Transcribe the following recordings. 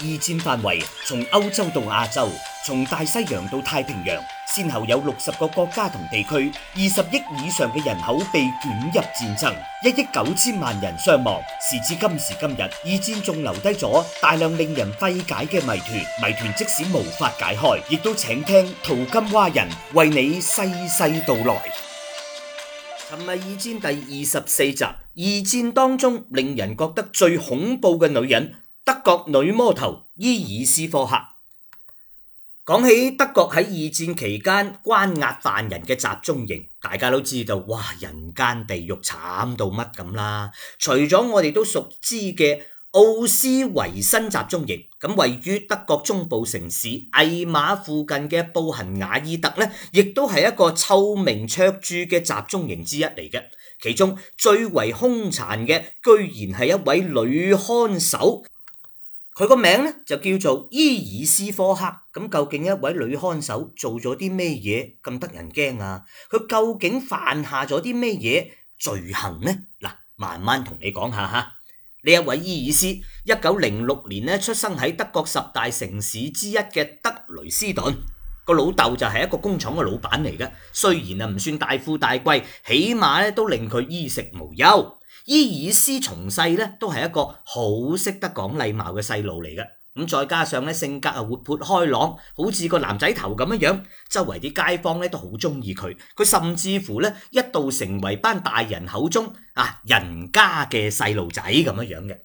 二戰範圍從歐洲到亞洲，從大西洋到太平洋，先後有六十個國家同地區，二十億以上嘅人口被捲入戰爭，一億九千萬人傷亡。時至今時今日，二戰仲留低咗大量令人費解嘅謎團，謎團即使無法解開，亦都請聽淘金蛙人為你細細道來。尋迷二戰第二十四集，二戰當中令人覺得最恐怖嘅女人。德國女魔頭伊爾斯科克，講起德國喺二戰期間關押犯人嘅集中營，大家都知道，哇，人間地獄慘到乜咁啦！除咗我哋都熟知嘅奧斯維辛集中營，咁位於德國中部城市魏瑪附近嘅布痕瓦爾德呢，亦都係一個臭名卓著嘅集中營之一嚟嘅。其中最為凶殘嘅，居然係一位女看守。佢個名咧就叫做伊爾斯科克。咁究竟一位女看守做咗啲咩嘢咁得人驚啊？佢究竟犯下咗啲咩嘢罪行呢？嗱，慢慢同你講下哈。呢一位伊爾斯，一九零六年咧出生喺德國十大城市之一嘅德累斯頓。個老豆就係一個工廠嘅老闆嚟嘅，雖然啊唔算大富大貴，起碼咧都令佢衣食無憂。伊爾斯從細咧都係一個好識得講禮貌嘅細路嚟嘅，咁再加上咧性格啊活潑開朗，好似個男仔頭咁樣樣，周圍啲街坊咧都好中意佢。佢甚至乎咧一度成為班大人口中啊人家嘅細路仔咁樣樣嘅。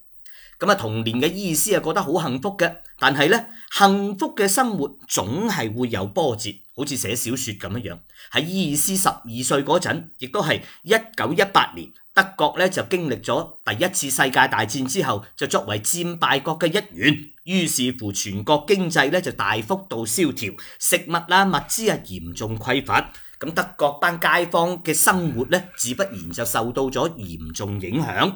咁、嗯、啊，童年嘅伊爾斯啊覺得好幸福嘅，但係咧幸福嘅生活總係會有波折，好似寫小說咁樣樣。喺伊爾斯十二歲嗰陣，亦都係一九一八年。德國咧就經歷咗第一次世界大戰之後，就作為戰敗國嘅一員，於是乎全國經濟咧就大幅度蕭條，食物啦、啊、物資啊嚴重匱乏，咁德國班街坊嘅生活咧，自不然就受到咗嚴重影響，而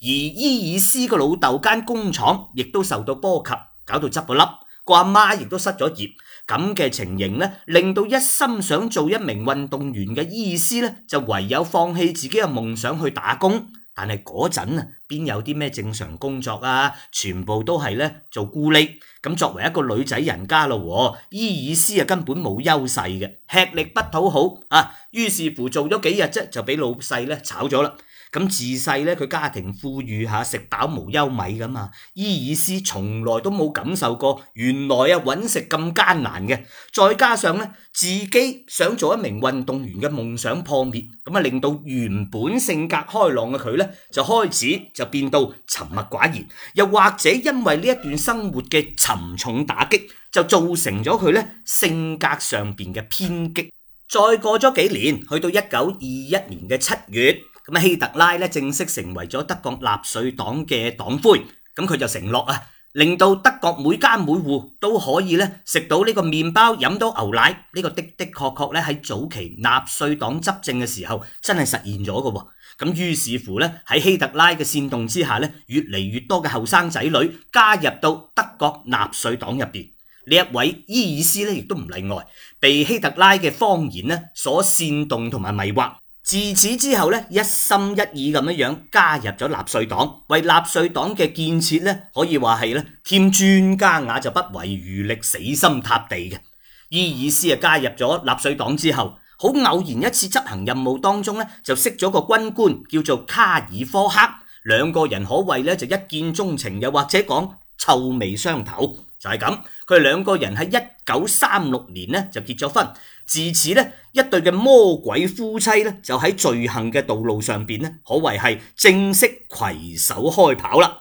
伊爾斯個老豆間工廠亦都受到波及，搞到執咗笠，個阿媽亦都失咗業。咁嘅情形咧，令到一心想做一名運動員嘅伊爾斯咧，就唯有放棄自己嘅夢想去打工。但係嗰陣啊，邊有啲咩正常工作啊？全部都係咧做苦力。咁作為一個女仔人家咯，伊爾斯啊根本冇優勢嘅，吃力不討好啊。於是乎做咗幾日啫，就俾老細咧炒咗啦。咁自細咧，佢家庭富裕吓，食飽無憂米噶嘛。伊爾斯從來都冇感受過原來啊揾食咁艱難嘅。再加上咧，自己想做一名運動員嘅夢想破滅，咁啊令到原本性格開朗嘅佢咧就開始就變到沉默寡言，又或者因為呢一段生活嘅沉重打擊，就造成咗佢咧性格上面嘅偏激。再過咗幾年，去到一九二一年嘅七月。咁希特拉咧正式成為咗德國納粹黨嘅黨魁，咁佢就承諾啊，令到德國每家每戶都可以咧食到呢個麵包，飲到牛奶，呢個的的確確咧喺早期納粹黨執政嘅時候真係實現咗嘅。咁於是乎咧，喺希特拉嘅煽動之下咧，越嚟越多嘅後生仔女加入到德國納粹黨入邊，呢一位伊爾斯咧亦都唔例外，被希特拉嘅謊言咧所煽動同埋迷惑。自此之後咧，一心一意咁樣樣加入咗納粹黨，為納粹黨嘅建設咧，可以話係咧添磚加瓦，就不遺餘力，死心塌地嘅。伊爾斯啊，加入咗納粹黨之後，好偶然一次執行任務當中咧，就識咗個軍官叫做卡爾科克，兩個人可謂咧就一見鍾情，又或者講臭味相投，就係咁。佢哋兩個人喺一九三六年咧就結咗婚。自此咧，一對嘅魔鬼夫妻咧，就喺罪行嘅道路上邊咧，可謂係正式携手開跑啦！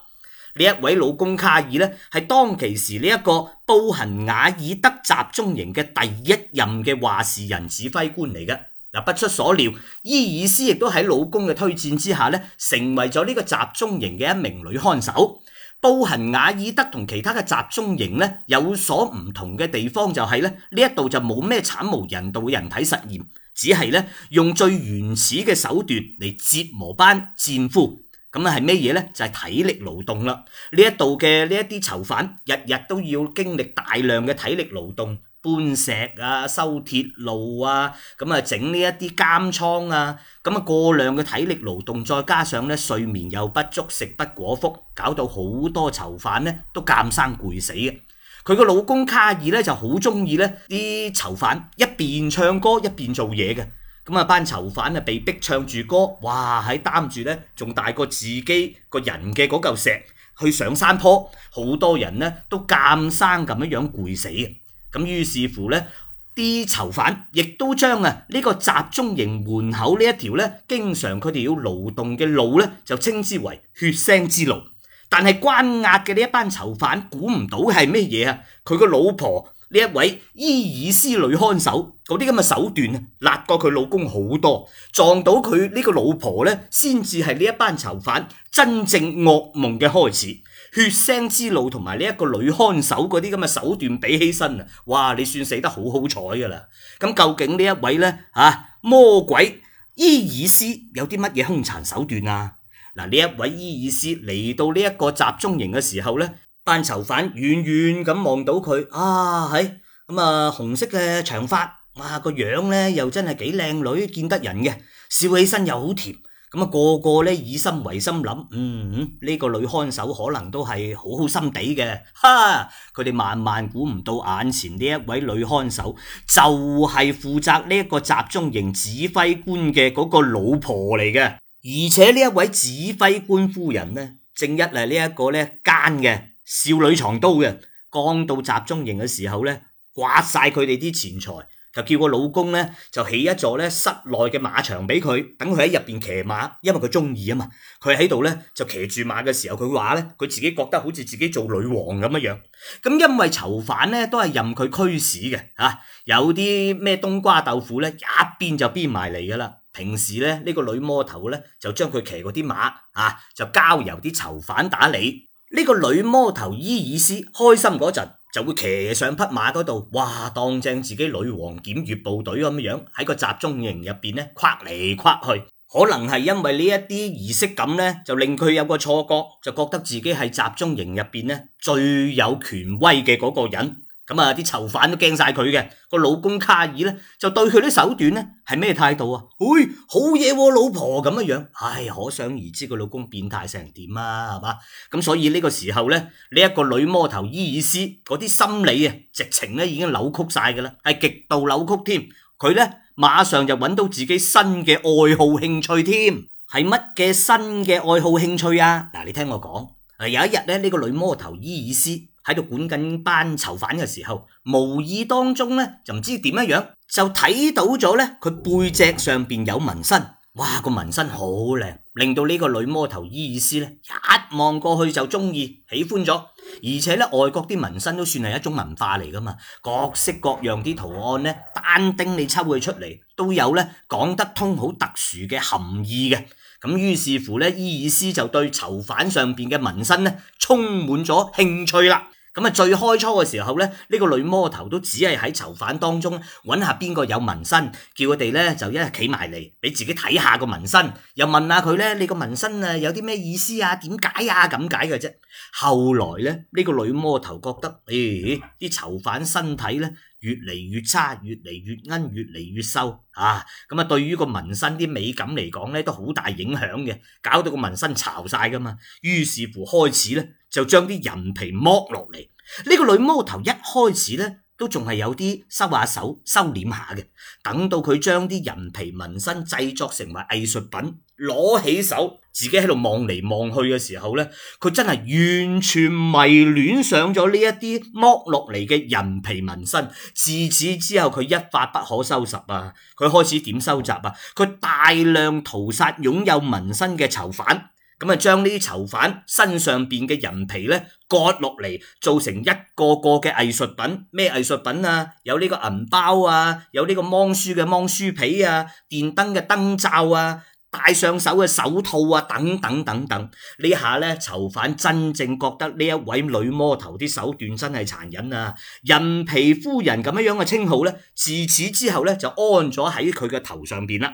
呢一位老公卡爾咧，係當其時呢一個布痕瓦爾德集中營嘅第一任嘅話事人指揮官嚟嘅。嗱，不出所料，伊爾斯亦都喺老公嘅推薦之下咧，成為咗呢個集中營嘅一名女看守。布行瓦爾德同其他嘅集中營咧，有所唔同嘅地方就係咧，呢一度就冇咩慘無人道嘅人體實驗，只係咧用最原始嘅手段嚟，折磨班戰俘。咁啊係咩嘢咧？就係、是、體力勞動啦。呢一度嘅呢一啲囚犯日日都要經歷大量嘅體力勞動。搬石啊，修鐵路啊，咁啊整呢一啲監倉啊，咁、嗯、啊過量嘅體力勞動，再加上咧睡眠又不足，食不果腹，搞到好多囚犯咧都監生攰死嘅。佢個老公卡爾咧就好中意咧啲囚犯一邊唱歌一邊做嘢嘅，咁啊班囚犯啊被逼唱住歌，哇喺擔住咧仲大過自己個人嘅嗰嚿石去上山坡，好多人咧都監生咁樣樣攰死嘅。咁於是乎咧，啲囚犯亦都將啊呢個集中營門口呢一條咧，經常佢哋要勞動嘅路咧，就稱之為血腥之路。但係關押嘅呢一班囚犯估唔到係咩嘢啊？佢個老婆呢一位伊爾斯女看守，嗰啲咁嘅手段啊，辣過佢老公好多。撞到佢呢個老婆咧，先至係呢一班囚犯真正噩夢嘅開始。血腥之路同埋呢一個女看守嗰啲咁嘅手段比起身啊，哇！你算死得好好彩噶啦！咁究竟呢一位咧嚇、啊、魔鬼伊爾斯有啲乜嘢凶殘手段啊？嗱、啊，呢一位伊爾斯嚟到呢一個集中營嘅時候咧，班囚犯遠遠咁望到佢啊，係咁啊，紅色嘅長髮，哇、啊，個樣咧又真係幾靚女，見得人嘅，笑起身又好甜。咁啊，個個咧，以心為心諗，嗯，呢、嗯，這個女看守可能都係好好心地嘅，哈！佢哋萬萬估唔到眼前呢一位女看守就係負責呢一個集中營指揮官嘅嗰個老婆嚟嘅，而且呢一位指揮官夫人咧正一係呢一個咧奸嘅笑裡藏刀嘅，剛到集中營嘅時候咧，刮晒佢哋啲錢財。就叫個老公咧，就起一座咧室內嘅馬場俾佢，等佢喺入邊騎馬，因為佢中意啊嘛。佢喺度咧就騎住馬嘅時候，佢話咧佢自己覺得好似自己做女王咁樣樣。咁因為囚犯咧都係任佢驅使嘅，吓、啊、有啲咩冬瓜豆腐咧一鞭就鞭埋嚟噶啦。平時咧呢、呢個女魔頭咧就將佢騎嗰啲馬啊就交由啲囚犯打理。呢、呢個女魔頭伊爾斯開心嗰陣。就會騎上匹馬嗰度，哇，當正自己女王檢閱部隊咁樣喺個集中營入邊呢，跨嚟跨去。可能係因為呢一啲儀式感呢，就令佢有個錯覺，就覺得自己係集中營入邊呢最有權威嘅嗰個人。咁啊，啲囚犯都驚晒佢嘅個老公卡爾咧，就對佢啲手段咧係咩態度啊？誒、哎，好嘢，啊，老婆咁嘅樣。唉、哎，可想而知佢老公變態成點啊，係嘛？咁所以呢個時候咧，呢、這、一個女魔頭伊爾斯嗰啲心理啊，直情咧已經扭曲晒噶啦，係極度扭曲添。佢咧馬上就揾到自己新嘅愛好興趣添，係乜嘅新嘅愛好興趣啊？嗱，你聽我講，有一日咧呢、這個女魔頭伊爾斯。喺度管緊班囚犯嘅時候，無意當中咧就唔知點樣樣，就睇到咗咧佢背脊上邊有紋身，哇，個紋身好靚，令到呢個女魔頭伊爾斯咧一望過去就中意，喜歡咗。而且咧外國啲紋身都算係一種文化嚟噶嘛，各式各樣啲圖案咧，單丁你抽佢出嚟都有咧講得通好特殊嘅含義嘅。咁於是乎咧，伊爾斯就對囚犯上邊嘅紋身咧充滿咗興趣啦。咁啊，最開初嘅時候咧，呢個女魔頭都只係喺囚犯當中揾下邊個有紋身，叫佢哋咧就一日企埋嚟，俾自己睇下個紋身，又問下佢咧，你個紋身啊有啲咩意思啊？點解啊？咁解嘅啫。後來咧，呢個女魔頭覺得，咦，啲囚犯身體咧越嚟越差，越嚟越恩，越嚟越瘦啊！咁啊，對於個紋身啲美感嚟講咧，都好大影響嘅，搞到個紋身醜晒噶嘛。於是乎開始咧。就將啲人皮剝落嚟。呢個女魔頭一開始咧都仲係有啲收下手、收斂下嘅。等到佢將啲人皮紋身製作成為藝術品，攞起手自己喺度望嚟望去嘅時候咧，佢真係完全迷戀上咗呢一啲剝落嚟嘅人皮紋身。自此之後，佢一發不可收拾啊！佢開始點收集啊？佢大量屠殺擁有紋身嘅囚犯。咁啊，將呢啲囚犯身上邊嘅人皮咧割落嚟，做成一個個嘅藝術品，咩藝術品啊？有呢個銀包啊，有呢個芒書嘅芒書皮啊，電燈嘅燈罩啊，戴上手嘅手套啊，等等等等。呢下咧，囚犯真正覺得呢一位女魔頭啲手段真係殘忍啊！人皮夫人咁樣樣嘅稱號咧，自此之後咧就安咗喺佢嘅頭上邊啦。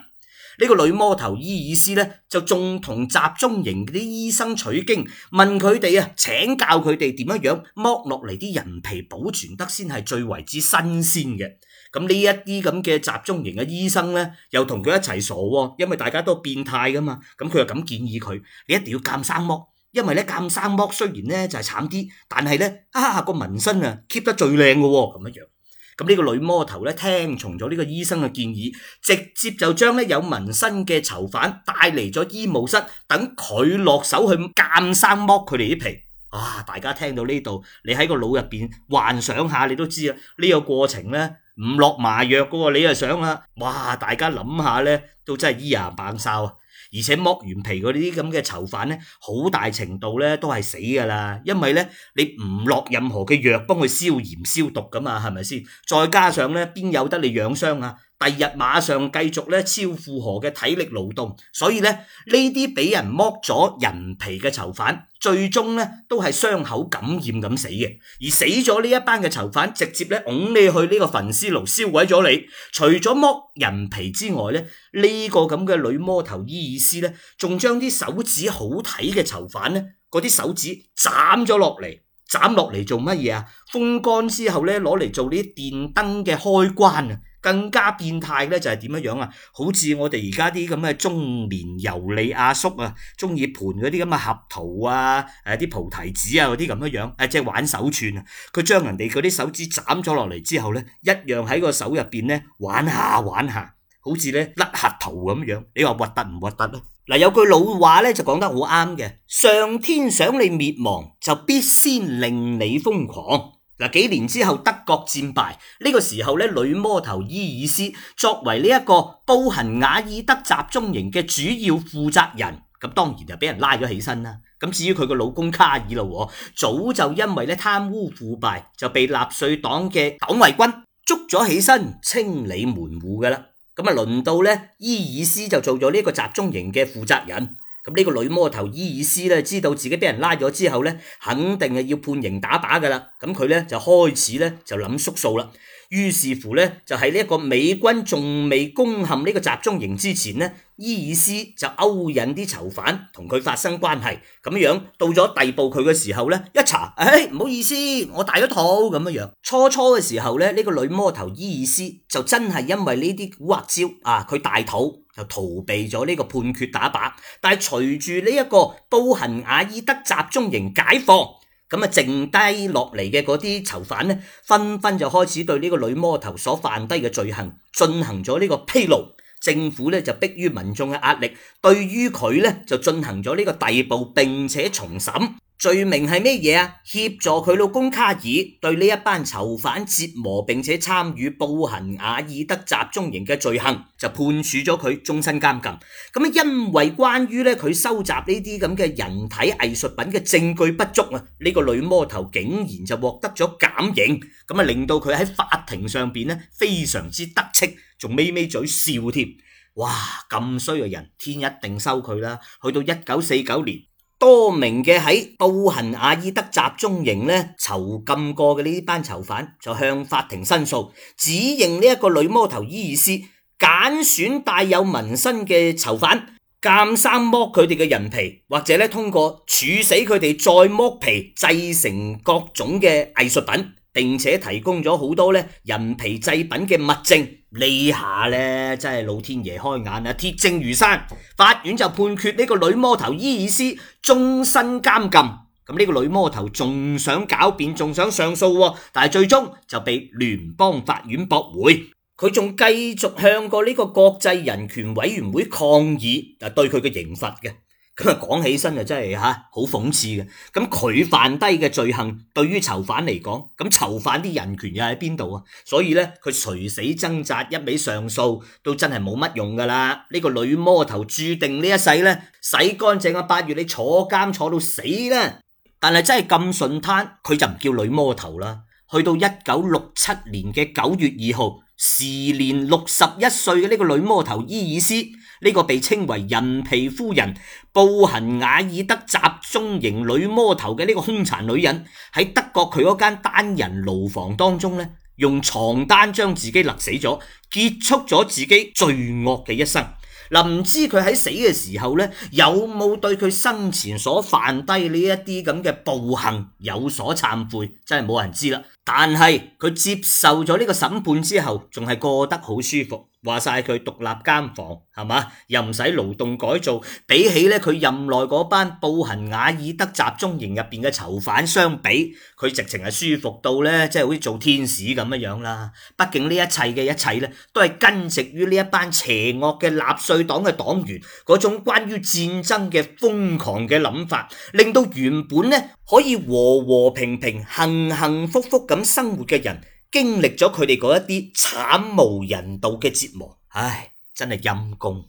呢個女魔頭伊爾斯咧，就仲同集中營啲醫生取經，問佢哋啊，請教佢哋點樣樣剝落嚟啲人皮保存得先係最為之新鮮嘅。咁呢一啲咁嘅集中營嘅醫生咧，又同佢一齊傻喎，哦，因為大家都變態噶嘛。咁佢又咁建議佢，你一定要鑒生剝，因為咧鑒生剝雖然咧就係慘啲，但係咧啊個紋身啊 keep 得最靚噶喎，咁樣。呢個女魔頭咧聽從咗呢個醫生嘅建議，直接就將咧有紋身嘅囚犯帶嚟咗醫務室，等佢落手去奸生剝佢哋啲皮。啊！大家聽到呢度，你喺個腦入邊幻想下，你都知啊呢個過程咧唔落麻藥嘅喎，你啊想啊，哇！大家諗下咧，都真係依牙扮獸啊！而且剝完皮嗰啲咁嘅囚犯咧，好大程度咧都係死㗎啦，因為咧你唔落任何嘅藥幫佢消炎消毒㗎嘛，係咪先？再加上咧，邊有得你養傷啊？第日馬上繼續咧超負荷嘅體力勞動，所以咧呢啲俾人剝咗人皮嘅囚犯，最終咧都係傷口感染咁死嘅。而死咗呢一班嘅囚犯，直接咧拱你去呢個焚屍爐燒毀咗你。除咗剝人皮之外咧，呢個咁嘅女魔頭伊爾斯咧，仲將啲手指好睇嘅囚犯咧，嗰啲手指斬咗落嚟，斬落嚟做乜嘢啊？風乾之後咧，攞嚟做呢啲電燈嘅開關啊！更加變態咧就係點樣樣啊？好似我哋而家啲咁嘅中年油膩阿叔啊，中意盤嗰啲咁嘅合桃啊，誒啲菩提子啊嗰啲咁樣樣，誒、啊啊啊、即係玩手串啊。佢將人哋嗰啲手指斬咗落嚟之後咧，一樣喺個手入邊咧玩下玩下，好似咧甩核桃咁樣。你話核突唔核突啊？嗱，有句老話咧就講得好啱嘅，上天想你滅亡，就必先令你瘋狂。嗱，幾年之後德國戰敗呢個時候咧，女魔頭伊爾斯作為呢一個布痕瓦爾德集中營嘅主要負責人，咁當然就俾人拉咗起身啦。咁至於佢個老公卡爾啦，早就因為咧貪污腐敗就被納粹黨嘅黨衛軍捉咗起身清理門戶噶啦。咁啊，輪到咧伊爾斯就做咗呢一個集中營嘅負責人。咁呢個女魔頭伊爾斯咧，知道自己俾人拉咗之後咧，肯定係要判刑打靶噶啦。咁佢咧就開始咧就諗縮數啦。於是乎咧，就喺呢一個美軍仲未攻陷呢個集中營之前咧。伊爾斯就勾引啲囚犯同佢發生關係，咁樣到咗逮捕佢嘅時候咧，一查，哎，唔好意思，我大咗肚咁樣樣。初初嘅時候咧，呢個女魔頭伊爾斯就真係因為呢啲蠱惑招啊，佢大肚就逃避咗呢個判決打靶。但係隨住呢一個布痕瓦爾德集中營解放，咁啊剩低落嚟嘅嗰啲囚犯呢，紛紛就開始對呢個女魔頭所犯低嘅罪行進行咗呢個披露。政府咧就迫於民眾嘅壓力，對於佢咧就進行咗呢個逮捕並且重審，罪名係咩嘢啊？協助佢老公卡爾對呢一班囚犯折磨並且參與布痕瓦爾德集中營嘅罪行，就判處咗佢終身監禁。咁啊，因為關於咧佢收集呢啲咁嘅人體藝術品嘅證據不足啊，呢個女魔頭竟然就獲得咗減刑，咁啊令到佢喺法庭上邊咧非常之得戚。仲眯眯嘴笑添，哇！咁衰嘅人，天一定收佢啦。去到一九四九年，多名嘅喺布痕阿伊德集中營咧囚禁過嘅呢班囚犯，就向法庭申訴，指認呢一個女魔頭伊爾斯揀選帶有紋身嘅囚犯，監生剝佢哋嘅人皮，或者咧通過處死佢哋，再剝皮製成各種嘅藝術品。並且提供咗好多咧人皮製品嘅物證，下呢下咧真係老天爺開眼啊！鐵證如山，法院就判決呢個女魔頭伊爾斯終身監禁。咁呢個女魔頭仲想狡辯，仲想上訴，但係最終就被聯邦法院駁回。佢仲繼續向過呢個國際人權委員會抗議，啊，對佢嘅刑罰嘅。咁啊，講起身就真係吓，好、啊、諷刺嘅。咁佢犯低嘅罪行，對於囚犯嚟講，咁囚犯啲人權又喺邊度啊？所以咧，佢垂死掙扎，一味上訴，都真係冇乜用噶啦。呢、呢個女魔頭注定呢一世咧，洗乾淨嘅八月，你坐監坐到死啦。但係真係咁順攤，佢就唔叫女魔頭啦。去到一九六七年嘅九月二號，時年六十一歲嘅呢個女魔頭伊爾斯。呢個被稱為人皮夫人、布痕瓦爾德集中營女魔頭嘅呢個兇殘女人，喺德國佢嗰間單人牢房當中呢，用床單將自己勒死咗，結束咗自己罪惡嘅一生。嗱、啊，唔知佢喺死嘅時候呢，有冇對佢生前所犯低呢一啲咁嘅暴行有所懺悔，真係冇人知啦。但係佢接受咗呢個審判之後，仲係過得好舒服。話晒佢獨立監房，係嘛？又唔使勞動改造，比起咧，佢任內嗰班布痕瓦爾德集中營入邊嘅囚犯相比，佢直情係舒服到咧，即係好似做天使咁樣樣啦。畢竟呢一切嘅一切咧，都係根植於呢一班邪惡嘅納粹黨嘅黨員嗰種關於戰爭嘅瘋狂嘅諗法，令到原本咧可以和和平平、幸幸福福咁生活嘅人經歷咗佢哋嗰一啲慘無人道嘅折磨，唉，真係陰功。